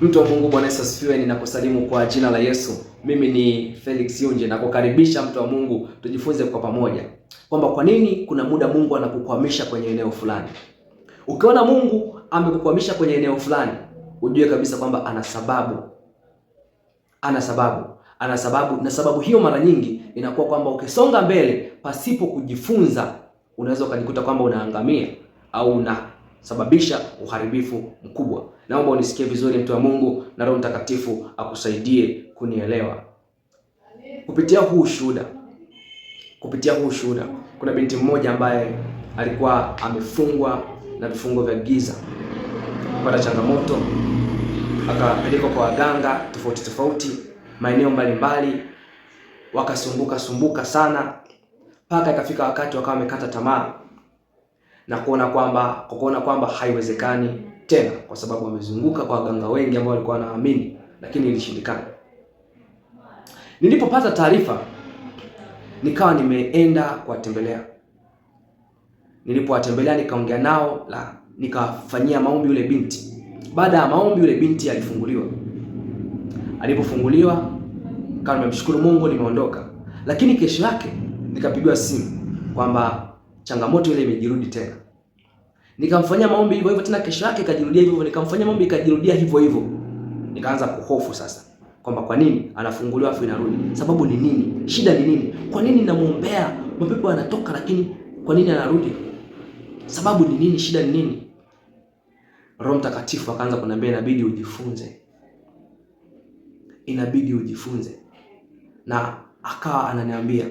Mtu wa Mungu, Bwana Yesu asifiwe. Ninakusalimu kwa jina la Yesu. Mimi ni Felix Yunje na kukaribisha mtu wa Mungu, tujifunze kwa pamoja kwamba kwa nini kuna muda Mungu anakukwamisha kwenye eneo fulani. Ukiona Mungu amekukwamisha kwenye eneo fulani, ujue kabisa kwamba ana sababu, ana sababu, ana sababu, na sababu hiyo mara nyingi inakuwa kwamba ukisonga mbele pasipo kujifunza, unaweza ukajikuta kwamba unaangamia au una sababisha uharibifu mkubwa. Naomba unisikie vizuri, mtu wa Mungu, na Roho Mtakatifu akusaidie kunielewa kupitia huu shuhuda. Kupitia huu shuhuda, kuna binti mmoja ambaye alikuwa amefungwa na vifungo vya giza, kupata changamoto, akapelekwa kwa waganga tofauti tofauti maeneo mbalimbali, wakasumbuka sumbuka sana, mpaka ikafika wakati wakawa wamekata tamaa na kuona kwamba kwa kuona kwamba haiwezekani tena, kwa sababu wamezunguka kwa waganga wengi ambao walikuwa wanaamini, lakini ilishindikana. Nilipopata taarifa, nikawa nimeenda kuwatembelea. Nilipowatembelea nikaongea nao la nikafanyia maombi yule binti. Baada ya maombi, yule binti alifunguliwa. Alipofunguliwa kama nimemshukuru Mungu, nimeondoka. Lakini kesho yake nikapigiwa simu kwamba changamoto ile imejirudi tena. Nikamfanyia maombi hivyo hivyo tena, kesho yake ikajirudia hivyo hivyo, nikamfanyia maombi ikajirudia hivyo hivyo. Nikaanza kuhofu sasa kwamba kwa nini anafunguliwa afu inarudi? Sababu ni nini? Shida ni nini? Kwa nini namuombea mapepo yanatoka, lakini kwa nini anarudi? Sababu ni nini? Shida ni nini? Roho Mtakatifu akaanza kuniambia inabidi ujifunze, inabidi ujifunze. Na akawa ananiambia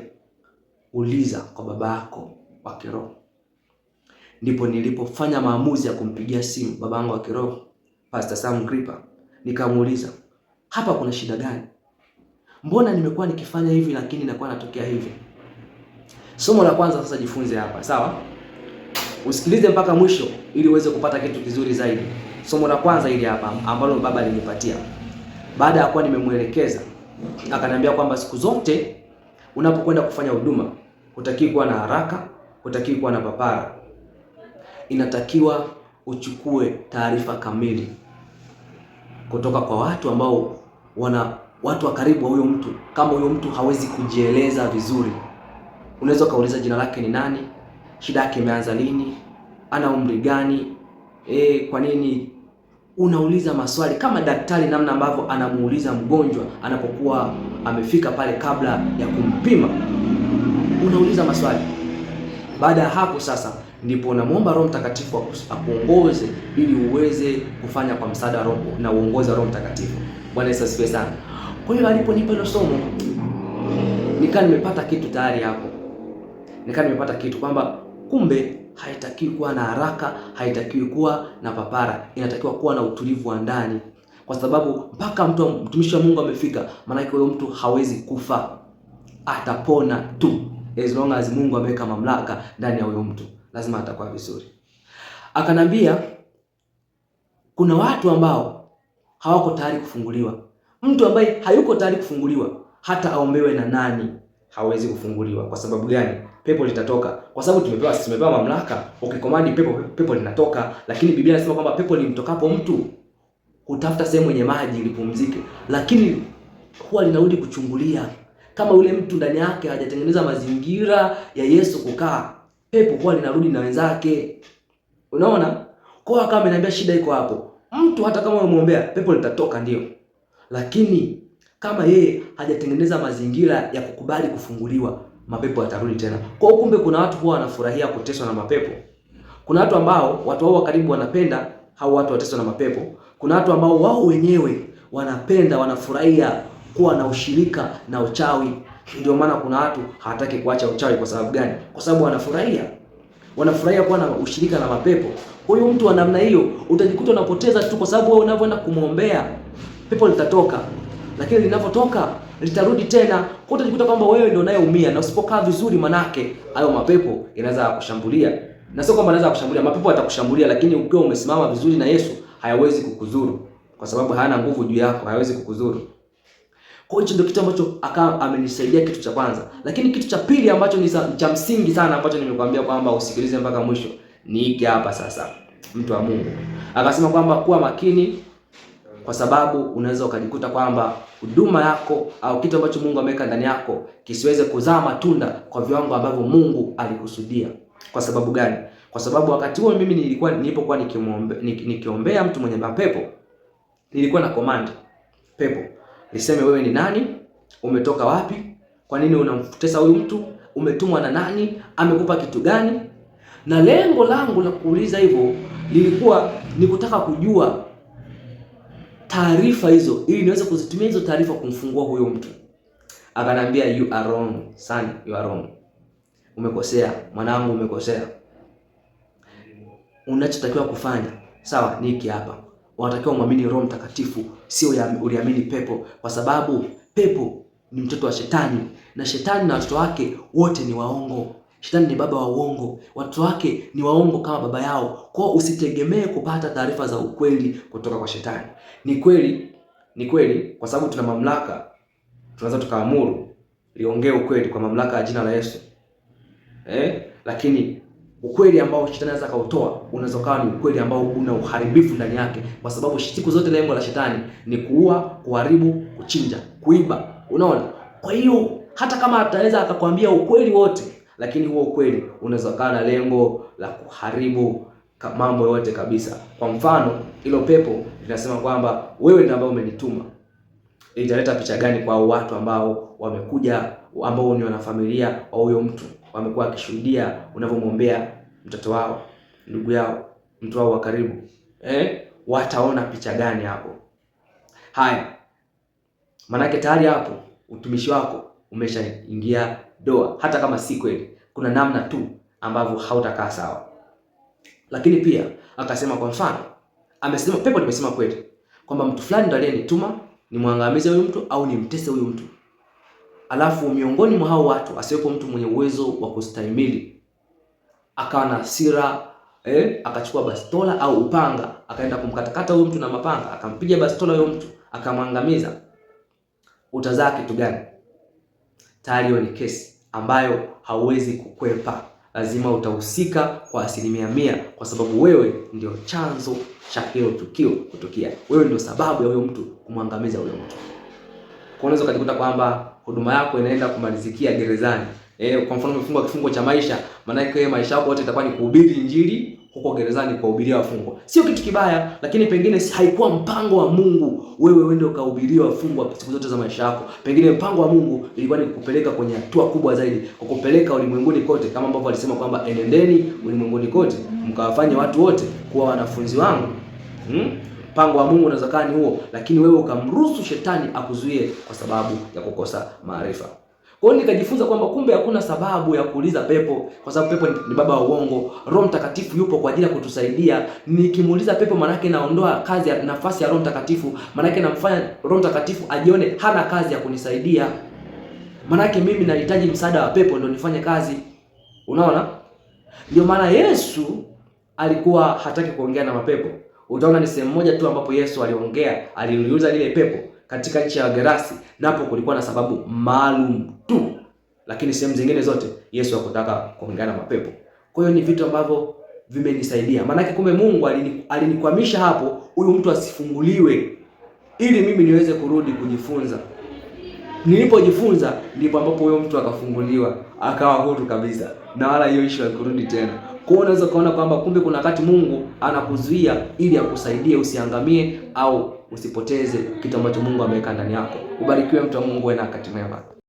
uliza kwa baba yako wa kiroho ndipo nilipofanya maamuzi ya kumpigia simu baba yangu wa kiroho Pastor Sam Gripa, nikamuuliza hapa kuna shida gani? Mbona nimekuwa nikifanya hivi lakini nakuwa natokea hivi? Somo la kwanza sasa jifunze hapa, sawa? Usikilize mpaka mwisho ili uweze kupata kitu kizuri zaidi. Somo la kwanza ili hapa ambalo baba alinipatia baada ya kuwa nimemwelekeza, akaniambia kwamba siku zote unapokwenda kufanya huduma, hutakiwi kuwa na haraka, hutakiwi kuwa na papara inatakiwa uchukue taarifa kamili kutoka kwa watu ambao wana watu wa karibu wa huyo mtu. Kama huyo mtu hawezi kujieleza vizuri, unaweza ukauliza jina lake ni nani, shida yake imeanza lini, ana umri gani, e, kwa nini unauliza maswali kama daktari, namna ambavyo anamuuliza mgonjwa anapokuwa amefika pale kabla ya kumpima. Unauliza maswali. Baada ya hapo sasa ndipo unamwomba Roho Mtakatifu akuongoze ili uweze kufanya kwa msaada roho na uongozi Roho Mtakatifu. Bwana Yesu asifiwe sana. Kwa hiyo aliponipa hilo somo nikaa nimepata kitu tayari hapo, nikaa nimepata kitu kwamba kumbe haitakiwi kuwa na haraka, haitakiwi kuwa na papara, inatakiwa kuwa na utulivu wa ndani, kwa sababu mpaka mtu mtumishi wa Mungu amefika, maanake huyo mtu hawezi kufa, atapona tu as long as Mungu ameweka mamlaka ndani ya huyo mtu lazima atakuwa vizuri. Akanambia kuna watu ambao hawako tayari kufunguliwa. Mtu ambaye hayuko tayari kufunguliwa hata aombewe na nani hawezi kufunguliwa. Kwa sababu gani? Pepo litatoka, kwa sababu tumepewa tumepewa mamlaka. Ukikomandi pepo, pepo linatoka. Lakini Biblia inasema kwamba pepo limtokapo mtu hutafuta sehemu yenye maji ilipumzike, lakini huwa linarudi kuchungulia, kama yule mtu ndani yake hajatengeneza mazingira ya Yesu kukaa pepo huwa linarudi na wenzake. Unaona? Kwa hiyo ameniambia shida iko hapo. Mtu hata kama umemwombea pepo litatoka ndio, lakini kama yeye hajatengeneza mazingira ya kukubali kufunguliwa, mapepo yatarudi tena. Kwa hiyo kumbe, kuna watu huwa wanafurahia kuteswa na mapepo. Kuna watu ambao watu wao karibu wanapenda hao watu wateswa na mapepo. Kuna watu ambao wao wenyewe wanapenda, wanafurahia kuwa na ushirika na uchawi. Ndio maana kuna watu hawataki kuacha uchawi. Kwa sababu gani? Kwa sababu wanafurahia, wanafurahia kuwa na ushirika na mapepo. Kwa hiyo mtu wa namna hiyo utajikuta unapoteza tu, kwa sababu wewe unavyoenda kumwombea pepo litatoka, lakini linapotoka litarudi tena. Kwa Utajikuta kwamba wewe ndio unayeumia, na usipokaa vizuri, manake hayo mapepo yanaweza kukushambulia, na sio kwamba yanaweza kushambulia, mapepo yatakushambulia, lakini ukiwa umesimama vizuri na Yesu hayawezi kukuzuru, kwa sababu hayana nguvu juu yako, hayawezi kukuzuru. Kwa hiyo ndio kitu ambacho akawa amenisaidia kitu cha kwanza. Lakini kitu cha pili ambacho ni cha msingi sana ambacho nimekuambia kwamba usikilize mpaka mwisho ni hiki hapa sasa. Mtu wa Mungu akasema kwamba kuwa makini kwa sababu unaweza ukajikuta kwamba huduma yako au kitu ambacho Mungu ameweka ndani yako kisiweze kuzaa matunda kwa viwango ambavyo Mungu alikusudia. Kwa sababu gani? Kwa sababu wakati huo mimi nilikuwa nilipokuwa nikiombea mtu mwenye mapepo nilikuwa na command pepo liseme wewe ni nani, umetoka wapi, kwa nini unamtesa huyu mtu, umetumwa na nani, amekupa kitu gani. Na lengo langu la kuuliza hivyo lilikuwa ni kutaka kujua taarifa hizo, ili niweze kuzitumia hizo taarifa kumfungua huyo mtu. Akanambia, you are wrong son, you are wrong, umekosea mwanangu, umekosea. Unachotakiwa kufanya sawa, niki hapa Wanatakiwa umwamini Roho Mtakatifu, sio uliamini pepo, kwa sababu pepo ni mtoto wa Shetani na Shetani na watoto wake wote ni waongo. Shetani ni baba wa uongo, watoto wake ni waongo kama baba yao. Kwao usitegemee kupata taarifa za ukweli kutoka kwa Shetani. Ni kweli, ni kweli, kwa sababu tuna mamlaka, tunaweza tukaamuru liongee ukweli kwa mamlaka ya jina la Yesu eh? Lakini ukweli ambao shetani anaweza kautoa unaweza ukawa ni ukweli ambao una uharibifu ndani yake, kwa sababu siku zote lengo la shetani ni kuua, kuharibu, kuchinja, kuiba. Unaona, kwa hiyo hata kama ataweza akakwambia ukweli wote, lakini huo ukweli unaweza na lengo la kuharibu mambo yote kabisa. Kwa mfano, hilo pepo linasema kwamba wewe ndio ambao umenituma. Italeta picha gani kwa watu ambao wamekuja ambao ni wanafamilia wa huyo mtu? wamekuwa wakishuhudia unavyomwombea mtoto wao, ndugu yao, mtu wao wa karibu eh? Wataona picha gani hapo? Haya, maanake tayari hapo utumishi wako umeshaingia doa, hata kama si kweli. Kuna namna tu ambavyo hautakaa sawa. Lakini pia akasema, kwa mfano, amesema pepo, nimesema kweli kwamba mtu fulani ndo aliyenituma nimwangamize huyu mtu au nimtese huyu mtu alafu miongoni mwa hao watu asiwepo mtu mwenye uwezo wa kustahimili, akawa na hasira eh, akachukua bastola au upanga akaenda kumkatakata huyo mtu na mapanga, akampiga bastola huyo mtu akamwangamiza, utazaa kitu gani? Tayari hiyo ni kesi ambayo hauwezi kukwepa, lazima utahusika kwa asilimia mia, kwa sababu wewe ndio chanzo cha hilo tukio kutokea. Wewe ndio sababu ya huyo mtu kumwangamiza huyo mtu, kwa unaweza ukajikuta kwamba huduma yako inaenda kumalizikia gerezani. Eh, kwa mfano umefungwa kifungo cha maisha, maana yake maisha yako yote itakuwa ni kuhubiri injili huko gerezani, kuwahubiria wafungwa. Sio kitu kibaya, lakini pengine haikuwa mpango wa Mungu wewe uende ukahubiria wafungwa siku zote za maisha yako. Pengine mpango wa Mungu ilikuwa ni kukupeleka kwenye hatua kubwa zaidi, kukupeleka ulimwenguni kote, kama ambavyo alisema kwamba enendeni ulimwenguni kote mkawafanye watu wote kuwa wanafunzi wangu hmm? mpango wa Mungu unaweza kuwa ni huo, lakini wewe ukamruhusu shetani akuzuie kwa sababu ya kukosa maarifa. Kwa hiyo nikajifunza kwamba kumbe hakuna sababu ya kuuliza pepo, kwa sababu pepo ni, baba wa uongo. Roho Mtakatifu yupo kwa ajili ya kutusaidia. Nikimuuliza pepo, maanake naondoa kazi ya nafasi ya Roho Mtakatifu, maanake namfanya Roho Mtakatifu ajione hana kazi ya kunisaidia, maanake mimi nahitaji msaada wa pepo ndio nifanye kazi. Unaona, ndio maana Yesu alikuwa hataki kuongea na mapepo utaona ni sehemu moja tu ambapo Yesu aliongea, aliliuza lile pepo katika nchi ya Gerasi, napo kulikuwa na sababu maalum tu, lakini sehemu zingine zote Yesu hakutaka kuongea na mapepo. Kwa hiyo ni vitu ambavyo vimenisaidia, maanake kumbe Mungu alinikwamisha hapo, huyu mtu asifunguliwe ili mimi niweze kurudi kujifunza. Nilipojifunza ndipo ambapo huyo mtu akafunguliwa akawa huru kabisa, na wala hiyo ya kurudi tena. Kwa hiyo unaweza ukaona kwamba kumbe kuna wakati Mungu anakuzuia ili akusaidie usiangamie au usipoteze kitu ambacho Mungu ameweka ndani yako. Ubarikiwe mtu wa Mungu, uwe na wakati mwema.